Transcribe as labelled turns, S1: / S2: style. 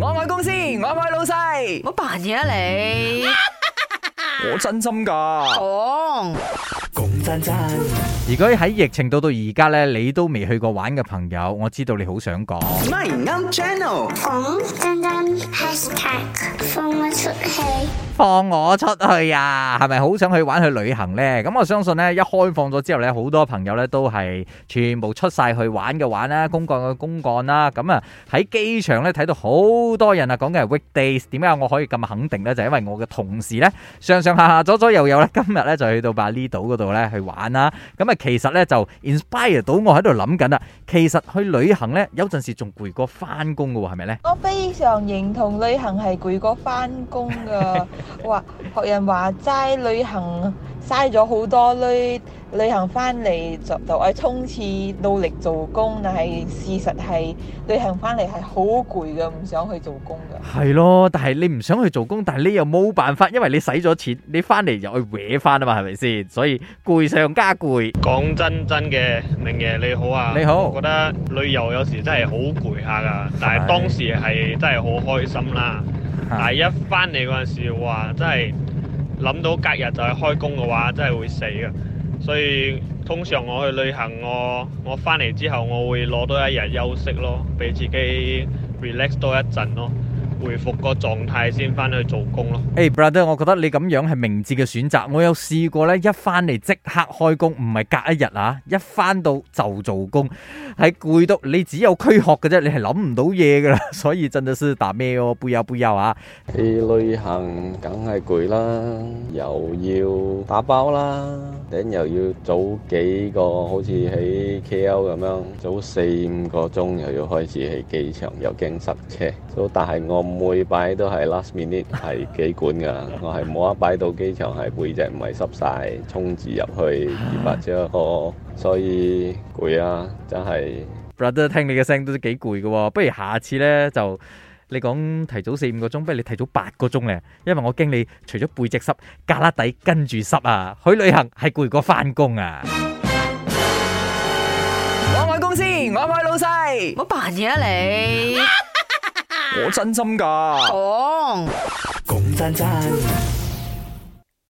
S1: 我愛公司，我愛老細。冇扮嘢啊你！ 我真心噶。講講真真。如果喺疫情到到而家咧，你都未去過玩嘅朋友，我知道你好想講 name、嗯。
S2: My own channel。講真真 hashtag 瘋。
S1: 放我出去呀，係咪好想去玩去旅行咧？咁我相信咧，一開放咗之後咧，好多朋友咧都係全部出晒去玩嘅玩啦，公幹嘅公幹啦。咁啊喺機場咧睇到好多人啊，講嘅係 weekdays。點解我可以咁肯定咧？就係因為我嘅同事咧上上下下左左右右咧，今日咧就去到巴厘島嗰度咧去玩啦。咁啊，其實咧就 inspire 到我喺度諗緊啊。其實去旅行咧有陣時仲攰過翻工噶喎，係咪咧？
S3: 我非常認同旅行係攰過翻工。工噶，話學人話齋旅行嘥咗好多旅旅行翻嚟就就去衝刺努力做工，但係事實係旅行翻嚟係好攰噶，唔想去做工噶。
S2: 係
S1: 咯，但係你唔想去做工，但係你又冇辦法，因為你使咗錢，你翻嚟
S2: 又去搲翻啊嘛，係咪先？所以攰上加攰。講真真嘅，明爺你好啊！你好，我覺得旅遊有時真係好攰下噶，但係當時係真係好開心啦。但係一返嚟嗰陣時，哇！真係諗到隔日就係開工嘅話，真係會死噶。所以通常我去旅行，我我返嚟之後，我會攞多一日休息咯，俾自己 relax 多一陣咯。回復個狀態先翻去做工咯。
S1: 誒、hey，Brother，我覺得你咁樣係明智嘅選擇。我有試過咧，一翻嚟即刻開工，唔係隔一日啊，一翻到就做工，喺攰到你只有軀殼嘅啫，你係諗唔到嘢噶啦。所以真係思
S4: 打咩哦，背下背下啊。你旅行梗係攰啦，又要打包啦，頂又要早幾個，好似喺 K L 咁樣，早四五個鐘又要開始喺機場，又驚塞車。但係我。每擺都係 last minute，係幾管噶，我係冇一擺到機場係背脊唔係濕晒，衝住入去二百張個，所以攰啊，真係。Brother，聽你嘅聲都幾攰噶，不如下次咧就
S1: 你講提早四五個鐘，不如你提早八個鐘咧，因為我驚你除咗背脊濕，胳肋底跟住濕啊！去旅行係攰過返工啊！我開公司，我開老細，我扮嘢啊你！我真心㗎。